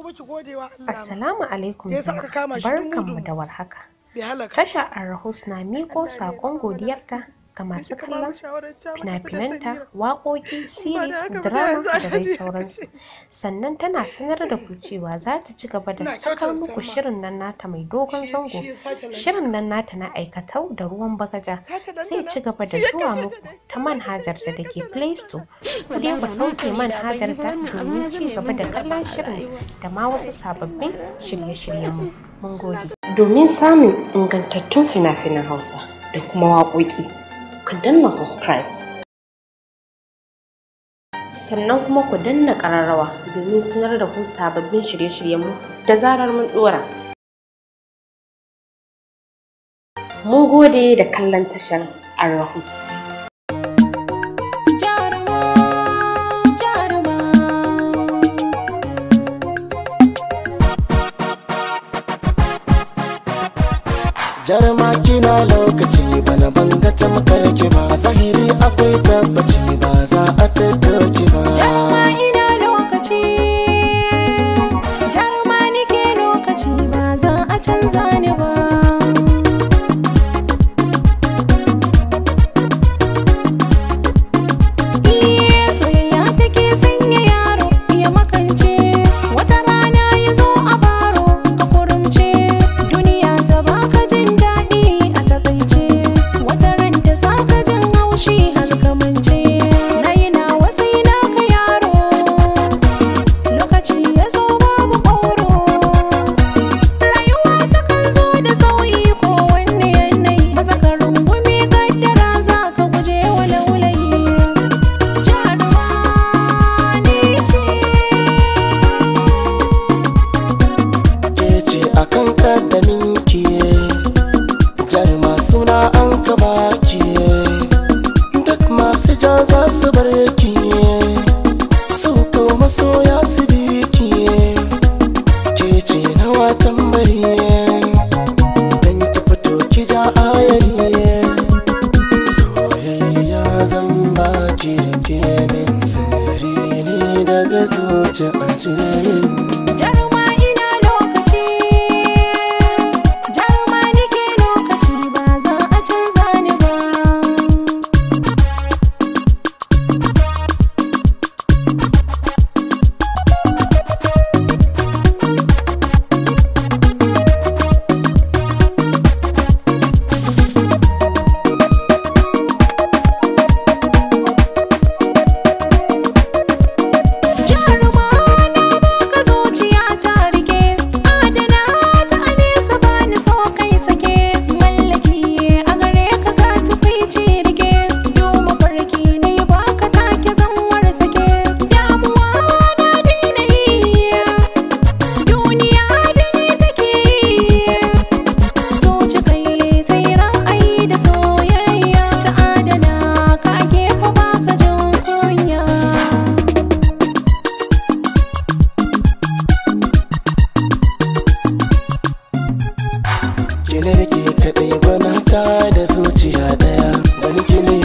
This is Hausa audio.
kuma alaikum gode barkan mu da warhaka tasha arahus na miko saƙon godiyarta ga masu kallon fina-finanta waƙoƙi series drama da dai sauransu sannan tana sanar da ku cewa za ta ci gaba da sakar muku shirin nan nata mai dogon zango shirin nan nata na aikatau da ruwan bagaja sai ci gaba da zuwa muku ta manhajar da ke play store ku dai sauke manhajar da domin ci gaba da kallon shirin da ma wasu sababbin shirye mu. mun gode domin samun ingantattun fina-finan hausa da kuma waƙoƙi ku danna subscribe sannan kuma ku danna ƙararrawa domin sanar da ku sababbin shirye-shiryenmu da zarar mun ɗora. Mu gode da kallon tashar Arahus. jarma kina lokaci bana banga ta makarki ba a zahiri akwai tabbaci ba za a tattauki ba jarma nike lokaci ba za a canza ni ba suna an ka baki duk masu ja za su bar ki sauka masoya su bi ki ke ce watan tambari dan ki fito ki ja ayari soyayya zan baki rike min sirri ne daga zuciya a ne ke kaɗai bana ta da zuciya daya wani gini